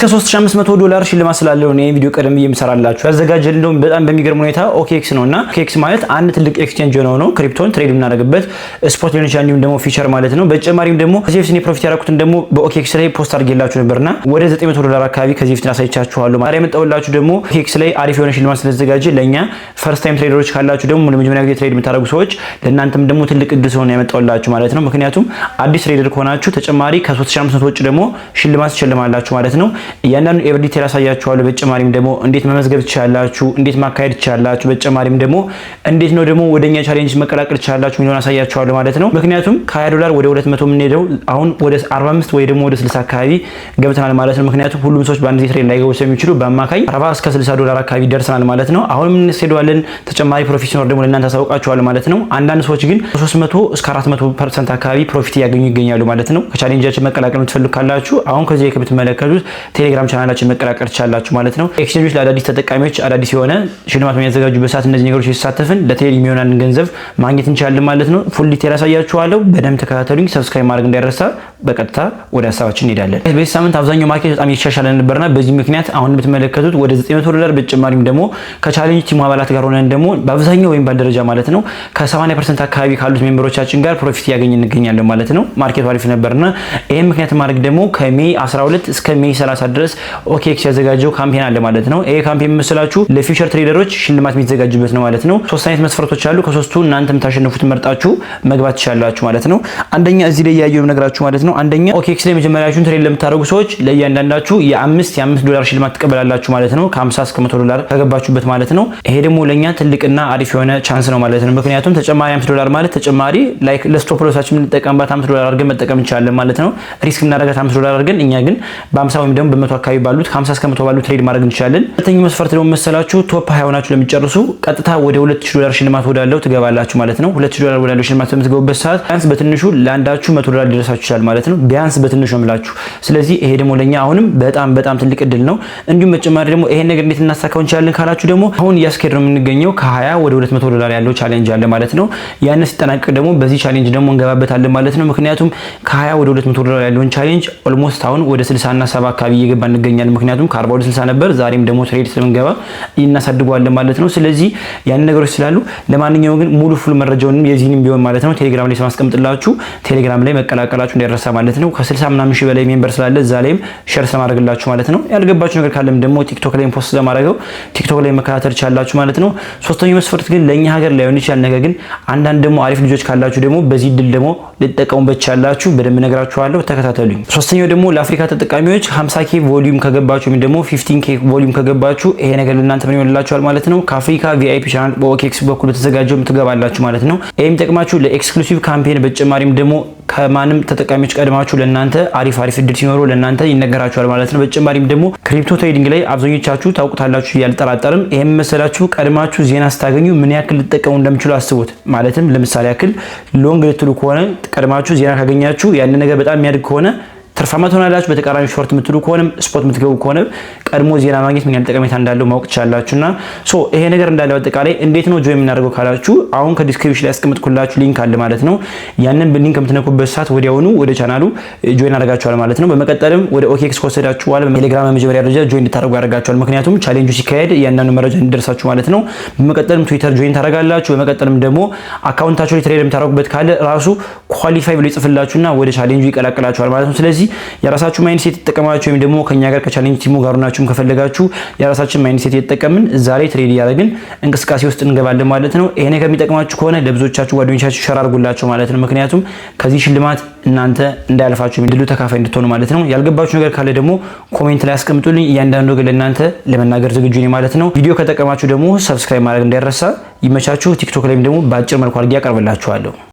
ከ3500 ዶላር ሽልማት ስላለው ነው ይሄን ቪዲዮ ቀደም ብዬ የምሰራላችሁ ያዘጋጀል። እንደውም በጣም በሚገርም ሁኔታ ኦኬክስ ነው እና ኦኬክስ ማለት አንድ ትልቅ ኤክስቼንጅ ነው ነው ክሪፕቶን ትሬድ የምናደርግበት ስፖርት ሊሆን ይችላል፣ እንዲሁም ደግሞ ፊቸር ማለት ነው። በተጨማሪም ደግሞ ከዚህ በፊት ፕሮፊት ያደረኩትን ደግሞ በኦኬክስ ላይ ፖስት አድርጌላችሁ ነበርና ወደ 900 ዶላር አካባቢ ከዚህ በፊት አሳይቻችኋለሁ። ዛሬ የመጣሁላችሁ ደግሞ ኦኬክስ ላይ አሪፍ የሆነ ሽልማት ስለተዘጋጀ ለእኛ ፈርስት ታይም ትሬደሮች ካላችሁ ደግሞ ለመጀመሪያ ጊዜ ትሬድ የምታደርጉ ሰዎች ለእናንተም ደግሞ ትልቅ እድል ስለሆነ ያመጣሁላችሁ ማለት ነው። ምክንያቱም አዲስ ትሬደር ከሆናችሁ ተጨማሪ ከ3500 ውጭ ደግሞ ሽልማት ትሸልማላችሁ ማለት ነው። እያንዳንዱ ኤብር ዲቴል አሳያችኋለሁ። በተጨማሪም ደግሞ እንዴት መመዝገብ ትችላላችሁ፣ እንዴት ማካሄድ ትችላላችሁ፣ በተጨማሪም ደግሞ እንዴት ነው ደግሞ ወደኛ ቻሌንጅ መቀላቀል ትችላላችሁ የሚለውን አሳያችኋለሁ ማለት ነው። ምክንያቱም ከ20 ዶላር ወደ 200 የምንሄደው አሁን ወደ 45 ወይ ደግሞ ወደ 60 አካባቢ ገብተናል ማለት ነው። ምክንያቱም ሁሉም ሰዎች በአንድ ጊዜ ትሬድ ላይገቡ ስለሚችሉ በአማካይ 40 እስከ 60 ዶላር አካባቢ ደርሰናል ማለት ነው። አሁንም የምንሄደዋለን ተጨማሪ ፕሮፌሽኖር ደግሞ ለእናንተ አሳውቃችኋለሁ ማለት ነው። አንዳንድ ሰዎች ግን 300 እስከ 400 ፐርሰንት አካባቢ ፕሮፊት እያገኙ ይገኛሉ ማለት ነው። ከቻሌንጃችን መቀላቀል የምትፈልጉ ካላችሁ አሁን ከዚህ ከምትመለከቱት ቴሌግራም ቻናላችን መቀላቀል ትችላላችሁ ማለት ነው። ኤክስቼንጆች ለአዳዲስ ተጠቃሚዎች አዳዲስ የሆነ ሽልማት የሚያዘጋጁበት ሰዓት እነዚህ ነገሮች የተሳተፍን ለትሬድ የሚሆናን ገንዘብ ማግኘት እንችላለን ማለት ነው። ፉል ዲቴል ያሳያችኋለሁ። በደንብ ተከታተሉኝ። ሰብስክራይብ ማድረግ እንዳይረሳ። በቀጥታ ወደ ሀሳባችን እንሄዳለን። በዚህ ሳምንት አብዛኛው ማርኬት በጣም የተሻሻለ ነበርና በዚህ ምክንያት አሁን የምትመለከቱት ወደ 900 ዶላር በተጨማሪም ደግሞ ከቻሌንጅ ቲሙ አባላት ጋር ሆነን ደግሞ በአብዛኛው ወይም ባልደረጃ ማለት ነው ከ80 ፐርሰንት አካባቢ ካሉት ሜምበሮቻችን ጋር ፕሮፊት እያገኝ እንገኛለን ማለት ነው። ማርኬቱ አሪፍ ነበርና ይህም ምክንያት ማድረግ ደግሞ ከሜይ 12 እስከ ሜይ 30 ሰዓት ድረስ ኦኬክስ ያዘጋጀው ካምፔን አለ ማለት ነው። ይሄ ካምፔን የምስላችሁ ለፊውቸር ትሬደሮች ሽልማት የሚዘጋጅበት ነው ማለት ነው። ሶስት አይነት መስፈርቶች አሉ። ከሶስቱ እናንተ የምታሸንፉት መርጣችሁ መግባት ትችላላችሁ ማለት ነው። አንደኛ እዚህ ላይ ያየው ነገራችሁ ማለት ነው። አንደኛ ኦኬክስ ላይ መጀመሪያችሁን ትሬድ ለምታደርጉ ሰዎች ለእያንዳንዳችሁ የአምስት የአምስት ዶላር ሽልማት ትቀበላላችሁ ማለት ነው። ከ50 እስከ 100 ዶላር ከገባችሁበት ማለት ነው። ይሄ ደግሞ ለእኛ ትልቅና አሪፍ የሆነ ቻንስ ነው ማለት ነው። ምክንያቱም ተጨማሪ 5 ዶላር ማለት ተጨማሪ ላይክ ለስቶፕ ሎሳችን የምንጠቀምባት 5 ዶላር አድርገን መጠቀም እንችላለን ማለት ነው። ሪስክ እናደርጋት 5 ዶላር አድርገን እኛ ግን በ50 ወይም ደግሞ መቶ አካባቢ ባሉት ከ50 እስከ መቶ ባሉት ትሬድ ማድረግ እንችላለን። ሁለተኛው መስፈርት ደግሞ መሰላችሁ ቶፕ ሀያ ሆናችሁ ለሚጨርሱ ቀጥታ ወደ 2000 ዶላር ሽልማት ወዳለው ትገባላችሁ ማለት ነው። 2000 ዶላር ወዳለው ሽልማት በምትገቡበት ሰዓት ቢያንስ በትንሹ ለአንዳችሁ 100 ዶላር ሊደርሳችሁ ይችላል ማለት ነው። ቢያንስ በትንሹ ምላችሁ። ስለዚህ ይሄ ደግሞ ለእኛ አሁንም በጣም በጣም ትልቅ እድል ነው። እንዲሁም በተጨማሪ ደግሞ ይሄን ነገር እንዴት እናሳካው እንችላለን ካላችሁ ደግሞ አሁን እያስኬድ ነው የምንገኘው ከ20 ወደ 200 ዶላር ያለው ቻሌንጅ አለ ማለት ነው። ያን ሲጠናቀቅ ደግሞ በዚህ ቻሌንጅ ደግሞ እንገባበታለን ማለት ነው። ምክንያቱም ከ20 ወደ 200 ዶላር ያለውን ቻሌንጅ ኦልሞስት አሁን ወደ 60 እና 70 አካባቢ እየገባ እንገኛለን። ምክንያቱም ከአርባ ወደ ስልሳ ነበር ዛሬም ደግሞ ትሬድ ስለምንገባ እናሳድገዋለን ማለት ነው። ስለዚህ ያን ነገሮች ስላሉ ለማንኛውም ግን ሙሉ ፉል መረጃውንም የዚህንም ቢሆን ማለት ነው ቴሌግራም ላይ ስማስቀምጥላችሁ ቴሌግራም ላይ መቀላቀላችሁ እንዳይረሳ ማለት ነው። ከስልሳ ምናምን ሺህ በላይ ሜምበር ስላለ እዛ ላይም ሸር ስለማድረግላችሁ ማለት ነው። ያልገባችሁ ነገር ካለም ደግሞ ቲክቶክ ላይ ፖስት ስለማድረገው ቲክቶክ ላይ መከታተል ቻላችሁ ማለት ነው። ሶስተኛው መስፈርት ግን ለእኛ ሀገር ላይሆን ይችላል። ነገር ግን አንዳንድ ደግሞ አሪፍ ልጆች ካላችሁ ደግሞ በዚህ ድል ደግሞ ልጠቀሙበት ቻላችሁ። በደንብ ነግራችኋለሁ። ተከታተሉኝ። ሶስተኛው ደግሞ ለአፍሪካ ተጠቃሚዎች 50 ኬ ቮሊዩም ከገባችሁ ወይም ደግሞ ፊፍቲን ኬ ቮሊዩም ከገባችሁ ይሄ ነገር ለእናንተ ምን ይሆንላችኋል ማለት ነው። ከአፍሪካ ቪአይፒ ቻናል በኦኬክስ በኩል ተዘጋጀው ትገባላችሁ ማለት ነው። ይህም ጠቅማችሁ ለኤክስክሉሲቭ ካምፔን በተጨማሪም ደግሞ ከማንም ተጠቃሚዎች ቀድማችሁ ለእናንተ አሪፍ አሪፍ እድል ሲኖረው ለእናንተ ይነገራችኋል ማለት ነው። በተጨማሪም ደግሞ ክሪፕቶ ትሬዲንግ ላይ አብዛኞቻችሁ ታውቁታላችሁ እያልጠራጠርም። ይህም መሰላችሁ ቀድማችሁ ዜና ስታገኙ ምን ያክል ልጠቀሙ እንደምችሉ አስቡት። ማለትም ለምሳሌ ያክል ሎንግ ልትሉ ከሆነ ቀድማችሁ ዜና ካገኛችሁ ያንን ነገር በጣም የሚያድግ ከሆነ ትርፋማ ትሆናላችሁ። በተቃራኒ ሾርት የምትሉ ከሆነ ስፖርት የምትገቡ ከሆነ ቀድሞ ዜና ማግኘት ምን ያህል ጠቀሜታ እንዳለው ማወቅ ትችላላችሁና ሶ ይሄ ነገር እንዳለ አጠቃላይ እንዴት ነው ጆይን የምናደርገው ካላችሁ አሁን ከዲስክሪፕሽን ላይ ያስቀምጥኩላችሁ ሊንክ አለ ማለት ነው። ያንን ሊንክ ከምትነኩበት ሰዓት ወዲያውኑ ወደ ቻናሉ ጆይን አደርጋችኋል ማለት ነው። በመቀጠልም ወደ ኦኬክስ ከወሰዳችሁ በኋላ ቴሌግራም በመጀመሪያ ደረጃ ጆይን እንድታደርጉ ያደርጋችኋል። ምክንያቱም ቻሌንጁ ሲካሄድ እያንዳንዱ መረጃ እንዲደርሳችሁ ማለት ነው። በመቀጠልም ትዊተር ጆይን ታደርጋላችሁ። በመቀጠልም ደግሞ አካውንታችሁ ላይ ትሬድ የምታደርጉበት ካለ ራሱ ኳሊፋይ ብሎ ይጽፍላችሁና ወደ ቻሌንጁ ይቀላቀላችኋል ማለት ነው። ስለዚህ የራሳችሁ ማይንሴት የተጠቀማችሁ ወይም ደግሞ ከኛ ጋር ከቻሌንጅ ቲሙ ጋር ሆናችሁም ከፈለጋችሁ የራሳችን ማይንሴት እየተጠቀምን ዛሬ ትሬድ እያደረግን እንቅስቃሴ ውስጥ እንገባለን ማለት ነው። ይሄኔ ከሚጠቅማችሁ ከሆነ ለብዙዎቻችሁ ጓደኞቻችሁ ሸር አድርጉላቸው ማለት ነው። ምክንያቱም ከዚህ ሽልማት እናንተ እንዳያልፋችሁ ድሉ ተካፋይ እንድትሆኑ ማለት ነው። ያልገባችሁ ነገር ካለ ደግሞ ኮሜንት ላይ አስቀምጡልኝ። እያንዳንዱ ነገር ለእናንተ ለመናገር ዝግጁ ነኝ ማለት ነው። ቪዲዮ ከጠቀማችሁ ደግሞ ሰብስክራይብ ማድረግ እንዳይረሳ። ይመቻችሁ። ቲክቶክ ላይም ደግሞ በአጭር መልኩ አድርጌ ያቀርብላችኋለሁ።